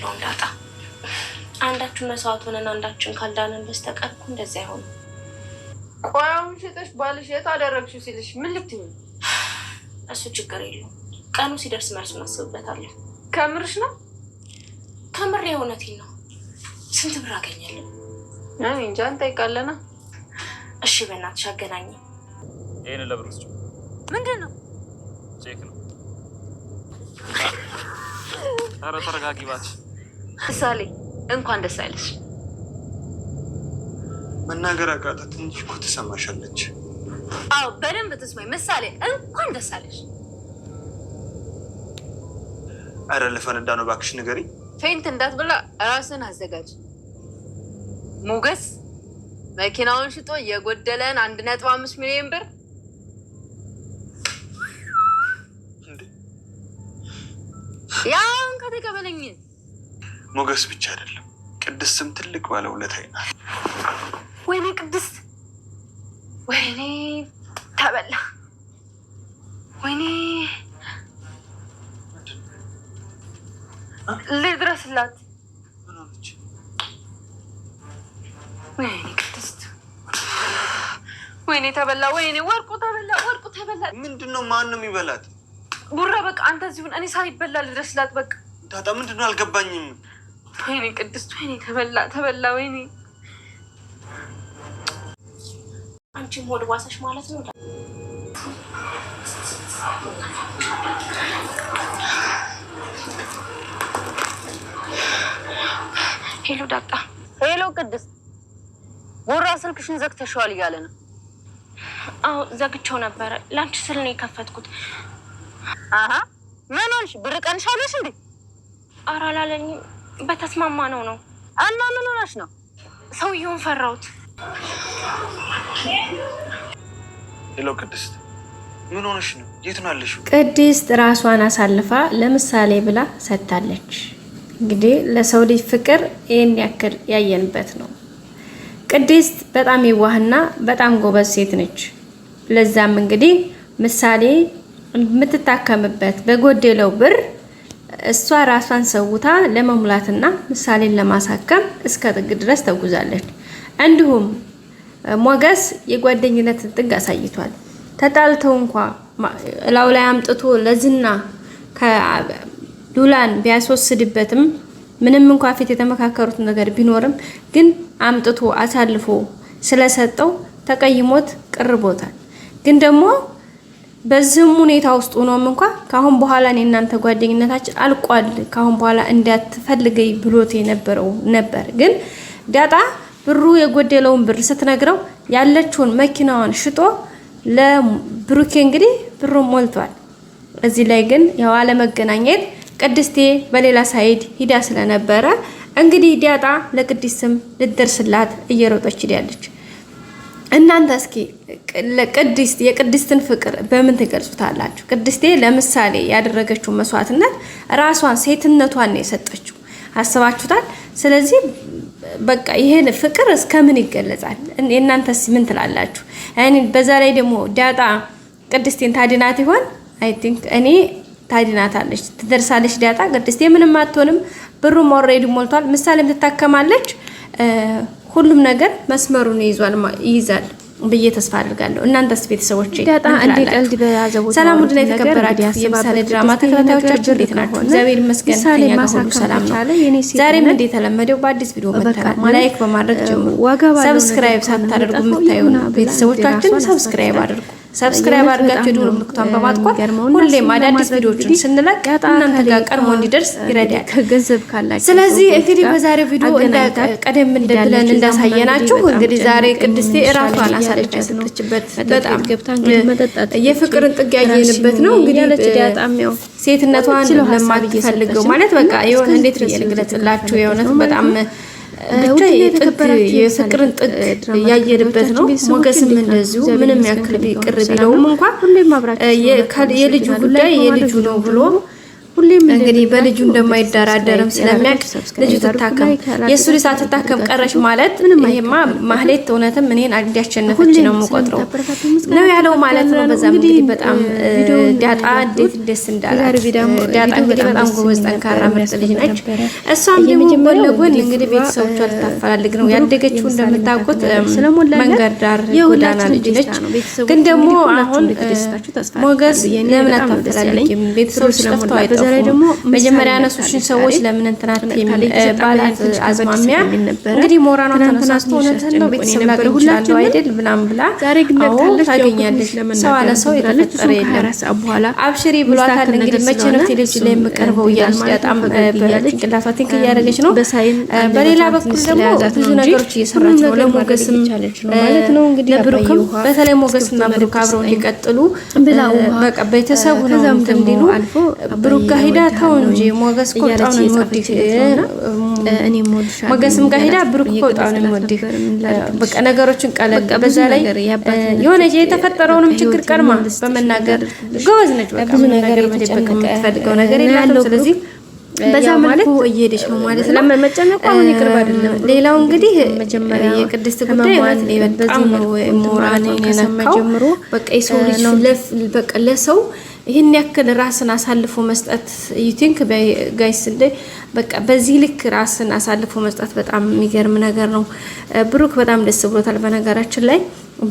የለውም ዳጣ። አንዳችሁ መስዋዕት ሆነን አንዳችን ካልዳነን በስተቀር እኮ እንደዚያ አይሆንም። ቆያውን ሽጥሽ ባልሽ የት አደረግሽው ሲልሽ ምን ልትይ? እሱ ችግር የለውም ቀኑ ሲደርስ መልሱን አስብበታለሁ። ከምርሽ ነው? ከምር የእውነቴን ነው። ስንት ብር አገኛለን? እንጃ እንጠይቃለና። እሺ በእናትሽ አገናኝ። ይህን ለብር ውስጭ ምንድን ነው ቼክ ነው። ኧረ ተረጋጊ ባች ምሳሌ እንኳን ደስ አይለሽ። መናገር አቃጣ። ትንሽ እኮ ትሰማሻለች። አዎ በደንብ ትስማኝ። ምሳሌ እንኳን ደስ አለሽ። አረ ልፈነዳ ነው፣ እባክሽ ንገሪ። ፌንት እንዳትበላ ራስን አዘጋጅ። ሞገስ መኪናውን ሽጦ የጎደለን አንድ ነጥብ አምስት ሚሊዮን ብር ያን ከተቀበለኝን ሞገስ ብቻ አይደለም፣ ቅድስትም ትልቅ ባለውለታዬ ናት። ወይኔ ቅድስት፣ ወይኔ ተበላ፣ ወይኔ ልድረስላት። ወይኔ ቅድስት፣ ወይኔ ተበላ፣ ወይኔ ወርቁ ተበላ፣ ወርቁ ተበላ። ምንድን ነው? ማን ነው የሚበላት? ቡራ፣ በቃ አንተ እዚሁን። እኔ ሳይበላ ልድረስላት። በቃ ዳጣ፣ ምንድን ነው አልገባኝም። ወይኔ ቅድስት፣ ወይኔ ተበላ ተበላ፣ ወይኔ አንቺም ሆድ ባሰሽ ማለት ነው። ሄሎ ዳጣ፣ ሄሎ ቅድስት፣ ጉራ ስልክሽን ዘግተሽዋል እያለ ነው። አዎ ዘግቼው ነበረ፣ ለአንቺ ስል ነው የከፈትኩት። አሀ ምን ሆንሽ? ብር ቀንሻለሽ እንዴ? በተስማማ ነው ነው እና ምን ሆነሽ ነው? ሰውየውን ፈራሁት። ሄሎ ቅድስት፣ ምን ሆነሽ ነው? የት ነው ያለሽው? ቅድስት ራሷን አሳልፋ ለምሳሌ ብላ ሰጥታለች። እንግዲህ ለሰው ልጅ ፍቅር ይህን ያክል ያየንበት ነው። ቅድስት በጣም የዋህና በጣም ጎበዝ ሴት ነች። ለዛም እንግዲህ ምሳሌ የምትታከምበት በጎደለው ብር እሷ ራሷን ሰውታ ለመሙላትና ምሳሌን ለማሳከም እስከ ጥግ ድረስ ተጉዛለች። እንዲሁም ሞገስ የጓደኝነትን ጥግ አሳይቷል። ተጣልተው እንኳ እላው ላይ አምጥቶ ለዝና ዱላን ቢያስወስድበትም ምንም እንኳ ፊት የተመካከሩት ነገር ቢኖርም ግን አምጥቶ አሳልፎ ስለሰጠው ተቀይሞት ቅርቦታል። ግን ደግሞ በዚህም ሁኔታ ውስጥ ሆኖም እንኳ ከአሁን በኋላ እኔ እናንተ ጓደኝነታችን አልቋል ከአሁን በኋላ እንዳትፈልገኝ ብሎት የነበረው ነበር። ግን ዳጣ ብሩ የጎደለውን ብር ስትነግረው ያለችውን መኪናዋን ሽጦ ለብሩኬ እንግዲህ ብሩ ሞልቷል። እዚህ ላይ ግን ያው አለመገናኘት ቅድስቴ በሌላ ሳይድ ሂዳ ስለነበረ እንግዲህ ዳጣ ለቅድስትም ልትደርስላት እየሮጠች ሄዳለች። እናንተ እስኪ ለቅድስት የቅድስትን ፍቅር በምን ትገልጹታላችሁ? ቅድስቴ ለምሳሌ ያደረገችው መስዋዕትነት ራሷን ሴትነቷን ነው የሰጠችው። አስባችሁታል? ስለዚህ በቃ ይሄን ፍቅር እስከምን ይገለጻል? የእናንተስ ምን ትላላችሁ? እኔ በዛ ላይ ደግሞ ዳጣ ቅድስቴን ታድናት ይሆን? አይ ቲንክ እኔ ታድናታለች፣ ትደርሳለች። ዳጣ ቅድስቴ ምንም አትሆንም። ብሩም ኦልሬዲ ሞልቷል። ምሳሌም ትታከማለች። ሁሉም ነገር መስመሩን ይይዛል። ብዬ ተስፋ አድርጋለሁ። እናንተስ ቤተሰቦች ሰላም ውድና የተከበራችሁ የምሳሌ ድራማ ተከታታዮቻችን እንዴት ናቸው? እግዚአብሔር ይመስገን ከእኛ ጋር ሁሉ ሰላም ነው። ዛሬም እንደተለመደው በአዲስ ቪዲዮ መጥተናል። ላይክ በማድረግ ጀምሩ። ሰብስክራይብ ሳታደርጉ የምታዩ ቤተሰቦቻችን ሰብስክራይብ አድርጉ። ሰብስክራይብ አድርጋችሁ የደወል ምልክቷን በማጥቆር ሁሌም አዳዲስ ቪዲዮዎችን ስንለቅ እናንተ ጋር ቀድሞ እንዲደርስ ይረዳል። ስለዚህ እንግዲህ በዛሬው ቪዲዮ ቀደም እንደብለን እንዳሳየናችሁ እንግዲህ ዛሬ ቅድስቴ እራሷን ሆናለች በጣም ገብታ እንግዲህ መጠጣት የፍቅርን ጥግ ያየንበት ነው። እንግዲህ ያለች ዳጣም ያው ሴትነቷን ለማትፈልገው ማለት በቃ የሆነ እንዴት ልግለጽላችሁ የሆነት በጣም የፍቅርን ጥግ ያየንበት ነው። ሞገስም እንደዚሁ ምንም ያክል ቅር ቢለውም እንኳን የልጁ ጉዳይ የልጁ ነው ብሎ ሁሌም እንግዲህ በልጁ እንደማይደራደርም ስለሚያውቅ ልጁ ትታከም የእሱ ልጅ ሳትታከም ቀረሽ ማለት ይሄማ ማህሌት እውነትም እኔን አግዲ ነው የምቆጥረው ነው ያለው ማለት ነው። በዛም እንግዲህ በጣም ዳጣ እንዴት ደስ እንዳላት ዳጣ እንግዲህ በጣም ጎበዝ፣ ጠንካራ ምርጥ ልጅ ነች። እሷም ደግሞ ጎን ለጎን እንግዲህ ቤተሰቦቿ ልታፈላልግ ነው ያደገችው። እንደምታውቁት መንገድ ዳር ጎዳና ልጅ ነች። ግን ደግሞ አሁን ሞገስ ለምን አታፈላልግም? ቤተሰቦች ጠፍተው አይጠፉ በላይ ደግሞ መጀመሪያ ያነሱሽን ሰዎች ለምን እንትናት የሚል ባላት አዝማሚያ እንግዲህ ሞራኗ ተነሳስቶ እውነትህን ነው ቤተሰብ ላገኝ እችላለሁ አይደል ብላም ብላ ዛሬ አዎ ታገኛለች። ሰው አለ ሰው የተፈጠረ የለም አብሽሪ ብሏታል። እንግዲህ መቼ ነው ቴሌቪዥን ላይ የምቀርበው እያለች በጣም ጭንቅላቷ ቲንክ እያደረገች ነው። በሌላ በኩል ደግሞ ብዙ ነገሮች እየሰራች ነው። ለሞገስም ማለት ነው እንግዲህ ለብሩክም በተለይ ሞገስና ብሩክ አብረው እንዲቀጥሉ ቤተሰብ ሆነው እንዲሉ ብሩክ ሄዳ ተው እንጂ ሞገስ እኮ በጣም ነው የሚወድህ። ሞገስም ጋር ሄዳ ብሩክ እኮ በጣም ነው የሚወድህ። በቃ ነገሮችን ቀለል በዛ ላይ የሆነ የተፈጠረውንም ችግር ቀድማ በመናገር ጎበዝ ነች። በቃ ብዙ ነገር መደበቅ የምትፈልገው ነገር የላትም። ስለዚህ በዛ ማለት እየሄደች ነው ማለት ነው። መጨነቁ አሁን ይቅርብ አይደለም። ሌላው እንግዲህ መጀመሪያ የቅድስት ጉዳይ ማለት ነው ነው ሞራኔ ጀምሮ በቃ የሰው ልጅ በቃ ለሰው ይህን ያክል ራስን አሳልፎ መስጠት ዩቲንክ ጋይስ እንደ በቃ በዚህ ልክ ራስን አሳልፎ መስጠት በጣም የሚገርም ነገር ነው። ብሩክ በጣም ደስ ብሎታል። በነገራችን ላይ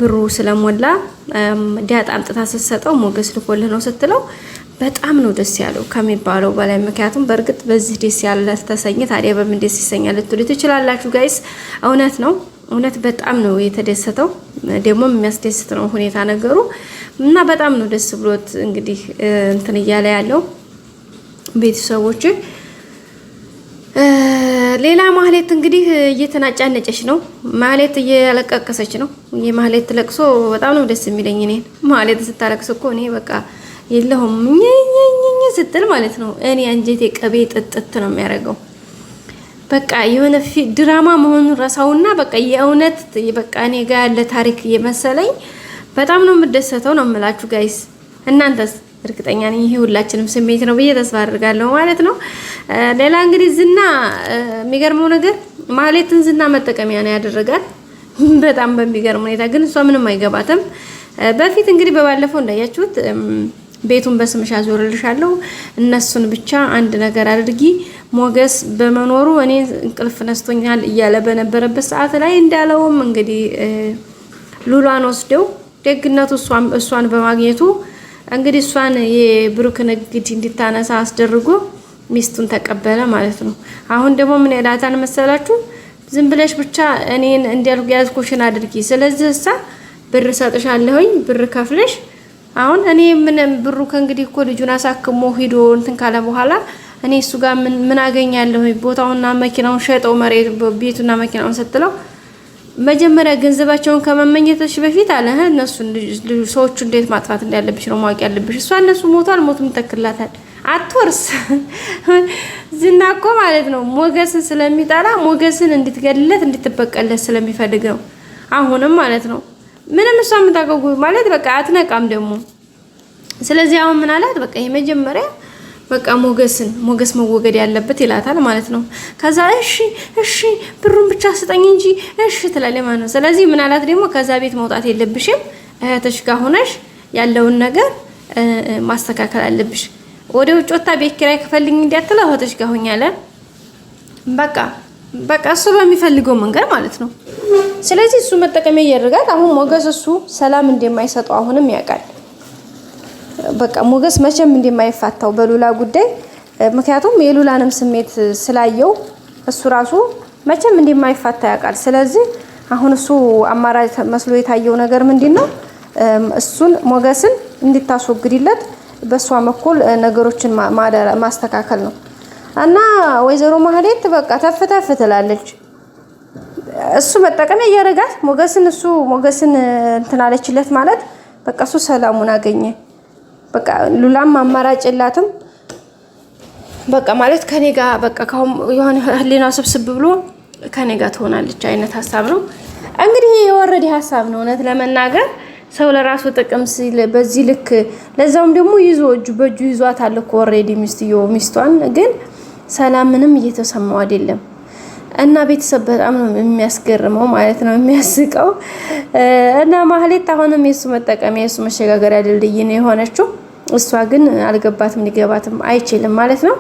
ብሩ ስለሞላ ዲያጣ አምጥታ ስትሰጠው ሞገስ ልኮልህ ነው ስትለው በጣም ነው ደስ ያለው ከሚባለው በላይ። ምክንያቱም በእርግጥ በዚህ ደስ ያለ ተሰኘ ታዲያ በምን ደስ ይሰኛል ልትሉ ትችላላችሁ ጋይስ፣ እውነት ነው። እውነት በጣም ነው የተደሰተው። ደግሞ የሚያስደስት ነው ሁኔታ ነገሩ እና በጣም ነው ደስ ብሎት እንግዲህ እንትን እያለ ያለው ቤተሰቦች። ሌላ ማህሌት እንግዲህ እየተናጫነጨች ነው። ማህሌት እያለቀቀሰች ነው። የማህሌት ለቅሶ በጣም ነው ደስ የሚለኝ እኔን። ማህሌት ስታለቅስ እኮ እኔ በቃ የለሁም ስትል ማለት ነው እኔ አንጀቴ ቀቤ ጥጥት ነው የሚያደርገው። በቃ የሆነ ድራማ መሆኑን ረሳውና በቃ የእውነት በቃ እኔ ጋ ያለ ታሪክ እየመሰለኝ በጣም ነው የምደሰተው ነው የምላችሁ ጋይስ። እናንተስ? እርግጠኛ ነኝ ይሄ ሁላችንም ስሜት ነው ብዬ ተስፋ አድርጋለሁ ማለት ነው። ሌላ እንግዲህ ዝና የሚገርመው ነገር ማህሌትን ዝና መጠቀሚያ ነው ያደረጋል በጣም በሚገርም ሁኔታ። ግን እሷ ምንም አይገባትም። በፊት እንግዲህ በባለፈው እንዳያችሁት ቤቱን በስምሽ አዞርልሻለሁ። እነሱን ብቻ አንድ ነገር አድርጊ። ሞገስ በመኖሩ እኔ እንቅልፍ ነስቶኛል እያለ በነበረበት ሰዓት ላይ እንዳለውም እንግዲህ ሉሏን ወስደው ደግነቱ እሷን በማግኘቱ እንግዲህ እሷን የብሩክ ንግድ እንዲታነሳ አስደርጎ ሚስቱን ተቀበለ ማለት ነው። አሁን ደግሞ ምን ይላታል መሰላችሁ? ዝም ብለሽ ብቻ እኔን እንዲያልኩ ያዝኩሽን አድርጊ። ስለዚህ እሳ ብር ሰጥሻለሁኝ ብር ከፍለሽ አሁን እኔ ምንም ብሩ ከእንግዲህ እኮ ልጁን አሳክሞ ሂዶ እንትን ካለ በኋላ እኔ እሱ ጋር ምን አገኛለሁ? ቦታውና መኪናውን ሸጠው መሬት ቤቱና መኪናውን ሰጥለው መጀመሪያ ገንዘባቸውን ከመመኘተሽ በፊት አለ እነሱ ሰዎቹ እንዴት ማጥፋት እንዳለብሽ ነው ማወቅ ያለብሽ። እሷ እነሱ ሞቷል፣ ሞቱም ይተክላታል። አትወርስ ዝና እኮ ማለት ነው ሞገስን ስለሚጠላ ሞገስን እንድትገድለት እንድትበቀለት ስለሚፈልግ ነው። አሁንም ማለት ነው ምንም እሷ የምታገጉ ማለት በቃ አትነቃም ደግሞ። ስለዚህ አሁን ምን አላት? በቃ የመጀመሪያ በቃ ሞገስን ሞገስ መወገድ ያለበት ይላታል ማለት ነው። ከዛ እሺ እሺ ብሩን ብቻ ስጠኝ እንጂ እሺ ትላለች ማለት ነው። ስለዚህ ምን አላት ደግሞ ከዛ ቤት መውጣት የለብሽም እህትሽ ጋር ሆነሽ ያለውን ነገር ማስተካከል አለብሽ። ወደ ውጭ ወጣ ቤት ኪራይ ክፈልኝ እንዲያትለው እህትሽ ጋር ሆኛለ በቃ በቃ እሱ በሚፈልገው መንገድ ማለት ነው። ስለዚህ እሱ መጠቀሚያ እያደረጋት አሁን ሞገስ እሱ ሰላም እንደማይሰጠው አሁንም ያውቃል። በቃ ሞገስ መቼም እንደማይፋታው በሉላ ጉዳይ ምክንያቱም የሉላንም ስሜት ስላየው እሱ ራሱ መቼም እንደማይፋታ ያውቃል። ስለዚህ አሁን እሱ አማራጭ መስሎ የታየው ነገር ምንድን ነው? እሱን ሞገስን እንድታስወግድለት በእሷ በኩል ነገሮችን ማስተካከል ነው። እና ወይዘሮ ማህሌት በቃ ተፍ ተፍ ትላለች። እሱ መጠቀሚያ እያደረጋት ሞገስን እሱ ሞገስን እንትን አለችለት ማለት በቃ እሱ ሰላሙን አገኘ። በቃ ሉላም አማራጭ የላትም። በቃ ማለት ከኔ ጋር በቃ ካሁን የሆነ ህሊና ስብስብ ብሎ ከኔ ጋር ትሆናለች አይነት ሀሳብ ነው እንግዲህ የወረደ ሀሳብ ነው እውነት ለመናገር ሰው ለራሱ ጥቅም ሲል በዚህ ልክ ለዛውም ደግሞ ይዞ እጁ በእጁ ይዟት አለ እኮ ኦልሬዲ ሚስትዮ ሚስቷን ግን ሰላም ምንም እየተሰማው አይደለም። እና ቤተሰብ በጣም ነው የሚያስገርመው ማለት ነው የሚያስቀው። እና ማህሌት አሁንም የሱ መጠቀሚያ የእሱ መሸጋገሪያ ድልድይ ነው የሆነችው። እሷ ግን አልገባትም፣ ሊገባትም አይችልም ማለት ነው።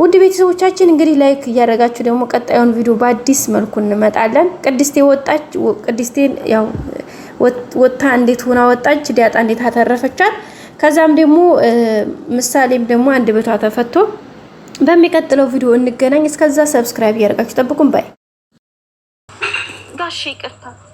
ውድ ቤተሰቦቻችን እንግዲህ ላይክ እያደረጋችሁ ደግሞ ቀጣዩን ቪዲዮ በአዲስ መልኩ እንመጣለን። ቅድስቴ ወጣች። ቅድስቴን ያው ወጥታ እንዴት ሆና ወጣች፣ ዲያጣ እንዴት አተረፈቻት። ከዛም ደግሞ ምሳሌም ደግሞ አንድ በቷ ተፈቶ በሚቀጥለው ቪዲዮ እንገናኝ። እስከዛ ሰብስክራይብ እያደረጋችሁ ጠብቁን። ባይ ጋሽ ይቅርታ